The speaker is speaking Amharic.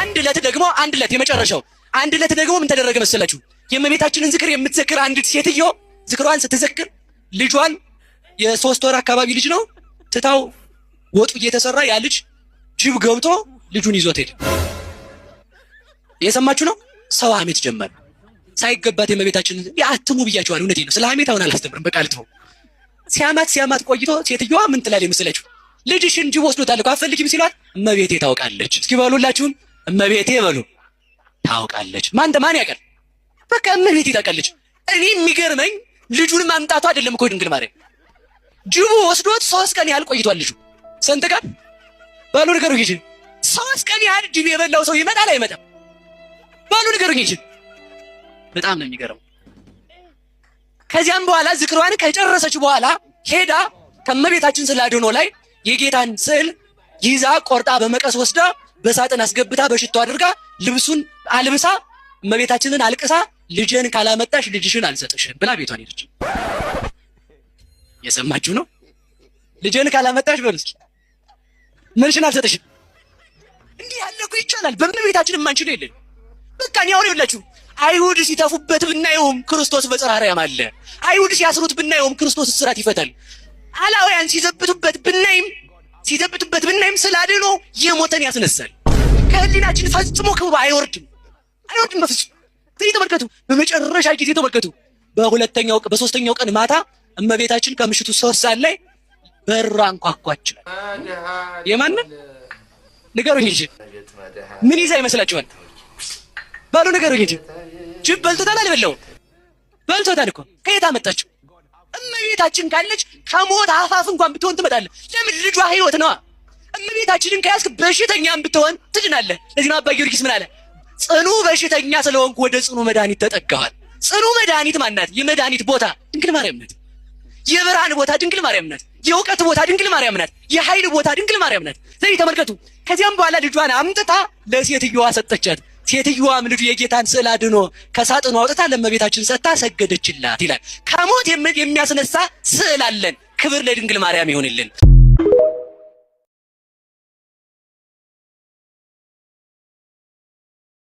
አንድ ዕለት ደግሞ አንድ ዕለት የመጨረሻው አንድ ዕለት ደግሞ ምን ተደረገ መሰላችሁ? የእመቤታችንን ዝክር የምትዘክር አንዲት ሴትዮ ዝክሯን ስትዘክር ልጇን የሶስት ወር አካባቢ ልጅ ነው ትታው ወጡ እየተሰራ ያ ልጅ ጅብ ገብቶ ልጁን ይዞት ሄደ። የሰማችሁ ነው። ሰው ሐሜት ጀመረ። ሳይገባት የእመቤታችንን አትሙ ብያቸዋል። እውነቴ ነው። ስለ ሐሜት አሁን አላስተምርም። በቃ ልትሆ ሲያማት ሲያማት ቆይቶ ሴትዮዋ ምን ትላል መሰላችሁ? ልጅሽን ጅብ ወስዶታል እኮ አትፈልጊም ሲሏት እመቤቴ ታውቃለች። እስኪ በሉላችሁም እመቤቴ በሉ ታውቃለች። ማንተ ማን ያውቃል? በቃ እመቤቴ ታውቃለች። እኔ የሚገርመኝ ልጁን ማምጣቱ አይደለም እኮ ድንግል ማርያም። ጅቡ ወስዶት ሶስት ቀን ያህል ቆይቷል። ልጁ ስንት ቀን ባሉ ነገሩ እንጂ ሶስት ቀን ያህል ጅብ የበላው ሰው ይመጣል አይመጣም? ባሉ ነገሩ እንጂ በጣም ነው የሚገርመው። ከዚያም በኋላ ዝክሯን ከጨረሰች በኋላ ሄዳ ከመቤታችን ስላድኖ ላይ የጌታን ስዕል ይዛ ቆርጣ በመቀስ ወስዳ በሳጥን አስገብታ በሽቶ አድርጋ ልብሱን አልብሳ እመቤታችንን አልቅሳ ልጅን ካላመጣሽ ልጅሽን አልሰጥሽም ብላ ቤቷን ሄደች። የሰማችሁ ነው። ልጅን ካላመጣሽ በሉ ምንሽን አልሰጥሽም። እንዲህ ያለ እኮ ይቻላል። ቤታችን የማንችለው የለን። በቃ እኔ አሁን ይኸውላችሁ አይሁድ ሲተፉበት ብናየውም ክርስቶስ በጽርሐ አርያም አለ። አይሁድ ሲያስሩት ብናየውም ክርስቶስ እስራት ይፈታል። አላውያን ሲዘብቱበት ስላድኖ የሞተን ያስነሳል። ከህሊናችን ፈጽሞ ክብብ አይወርድም፣ አይወርድም በፍጹም። ትይ ተመልከቱ፣ በመጨረሻ ጊዜ ተመልከቱ። በሁለተኛው በሶስተኛው ቀን ማታ እመቤታችን ከምሽቱ ሶስት ሰዓት ላይ በሩ አንኳኳች። የማንን ንገሩኝ እንጂ ምን ይዛ ይመስላችኋል? ባሉ ንገሩኝ እንጂ ጅብ በልቶታል። አልበላውም፣ በልቶታል እኮ ከየት አመጣችሁ? እመቤታችን ካለች ከሞት አፋፍ እንኳን ብትሆን ትመጣለች። ለምን ልጇ ህይወት ነዋ። እመቤታችንን ከያዝክ በሽተኛም ብትሆን ትድናለህ። ለዚህ አባ ጊዮርጊስ ምን አለ? ጽኑ በሽተኛ ስለሆንኩ ወደ ጽኑ መድኃኒት ተጠጋዋል። ጽኑ መድኃኒት ማናት? የመድኃኒት ቦታ ድንግል ማርያም ናት። የብርሃን ቦታ ድንግል ማርያም ናት። የእውቀት ቦታ ድንግል ማርያም ናት። የኃይል ቦታ ድንግል ማርያም ናት። ስለዚህ ተመልከቱ። ከዚያም በኋላ ልጇን አምጥታ ለሴትዮዋ ሰጠቻት። ሴትዮዋም ልጁ የጌታን ስዕል አድኖ ከሳጥኑ አውጥታ ለመቤታችን ሰጥታ ሰገደችላት ይላል። ከሞት የሚያስነሳ ስዕል አለን። ክብር ለድንግል ማርያም ይሆንልን።